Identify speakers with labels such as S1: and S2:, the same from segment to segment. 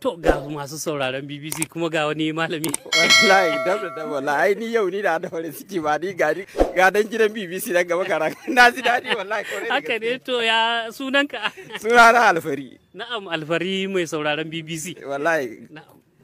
S1: To ga masu sauraron BBC kuma ga wani malami. Wallahi dab da wallahi ni yau ni da da farin ciki ba ni ga ga dan gidan BBC dan gaba kara na ji dadi wallahi Haka ne to ya sunanka? Sunana Alfari. Na'am Alfari mai sauraron
S2: BBC. Wallahi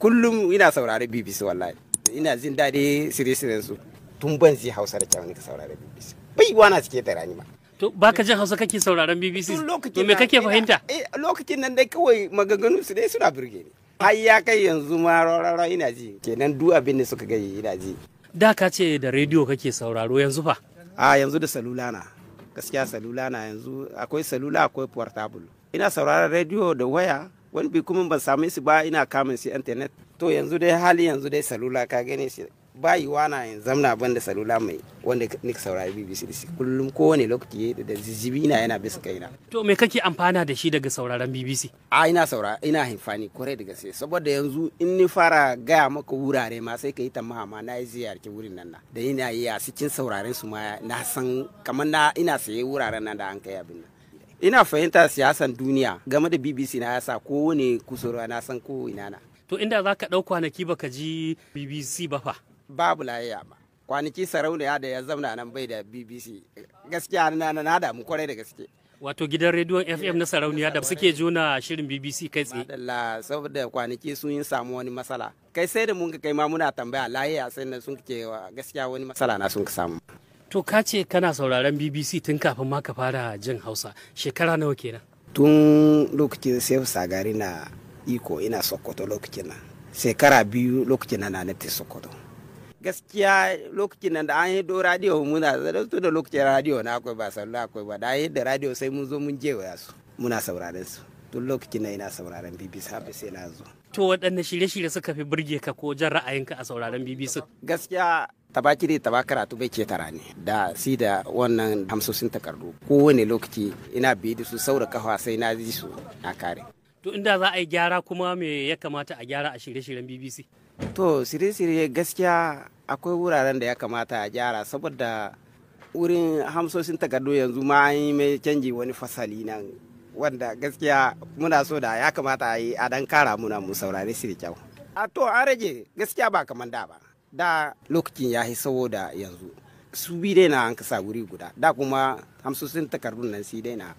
S2: kullum ina sauraron BBC wallahi. Ina jin dadi sire-siren su. Tun ban ji Hausa da kyau ne ka saurari BBC. Bai wana suke tarani ma.
S1: To ka jin Hausa kake sauraron BBC? To me kake fahimta? Eh lokacin nan dai kawai maganganu su dai suna burge ni.
S2: Ai ya kai yanzu ma rarara ina ji. Kenan duk abin da suka yi ina ji.
S1: Da ka ce da rediyo kake sauraro yanzu fa? Ah yanzu da salula na. Gaskiya salula
S2: na yanzu akwai salula akwai portable. Ina sauraron rediyo da waya wani bi kuma ban same su ba ina kamun su internet. To yanzu dai hali yanzu dai salula ka gane shi bayi na yin zamna ban da salula mai wanda nika saurari bbc da shi kullum kowane lokaci da zibi
S1: na yana bisa kaina to me kake amfana da shi daga sauraron bbc a ina saura ina himfani
S2: kore da gaske saboda yanzu in ni fara gaya maka wurare ma sai ka yi tamaha ma na yi ziyarci wurin nan na da ina yi a cikin sauraren su ma na san kamar na ina saye wuraren nan da an kai abin nan ina fahimta siyasan duniya game da bbc na yasa kowane kusurwa na san ko ina na
S1: to inda za ka ɗau kwanaki baka ji bbc ba fa babu layayya
S2: ba kwanaki sarauniya da ya zauna nan bai da bbc gaskiya na na damu kwarai da gaske
S1: wato gidan rediyon fm na sarauniya da suke juna shirin bbc kai tsaye madalla
S2: saboda kwanaki sun yi samu wani matsala kai sai da mun kai ma muna tambaya layayya sai na sun ke
S1: gaskiya wani matsala na sun samu to ka ce kana sauraron bbc tun kafin ma ka fara jin hausa shekara nawa kenan
S2: tun lokacin sai sagari na iko ina sokoto lokacin na shekara biyu lokacin na na sokoto
S1: gaskiya
S2: lokacin nan da an yi do radio muna su da lokacin radio na akwai ba sallu akwai ba da an da radio sai mun zo mun wa su muna sauraren su tun lokacin nan ina sauraren bbc har sai na zo
S1: to waɗanne shirye-shirye suka fi burge ka ko jan ra'ayinka a sauraren bbc gaskiya
S2: tabaki da taba karatu bai tara ne da si da wannan hamsosin takardu kowane lokaci ina biye da su saura kafa sai na ji su na kare
S1: to inda za a yi gyara kuma me ya kamata a gyara a shirye-shiryen bbc
S2: to sire-sire gaskiya akwai wuraren da ya kamata a gyara saboda wurin hamsoshin takardu yanzu ma an yi mai canji wani fasali nan wanda gaskiya muna so da ya kamata a yi a dan kara muna mu saurari shi kyau a to an rage gaskiya ba kamar da ba da lokacin ya yi saboda yanzu su bi dai na an kasa wuri guda da kuma hamsoshin takardun nan si dai na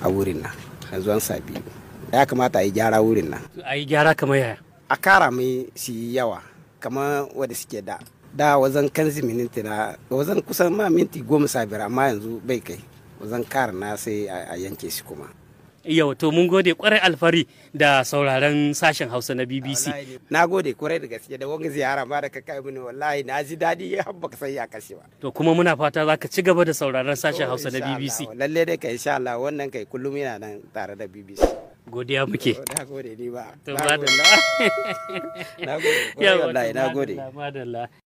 S2: a wurin nan yanzu an sabi ya kamata a yi gyara wurin nan a yi gyara kamar yaya a kara mai su yi yawa kamar wadda suke da da wazan kanzi minti na wazan kusan ma minti goma sabira biyar amma yanzu bai kai wazan kara na sai a yanke shi kuma
S1: yau to mun gode kwarai alfari da sauraron sashen hausa na bbc na gode kwarai da gaske da wani ziyara ma da ka kai mini wallahi na ji
S2: daɗi ya habba ka sai ya kashe ba
S1: to kuma muna fata za ka ci gaba da sauraron sashen hausa na bbc lalle
S2: dai ka insha Allah wannan kai kullum yana nan tare da bbc
S1: godiya muke na gode ni ba na gode na gode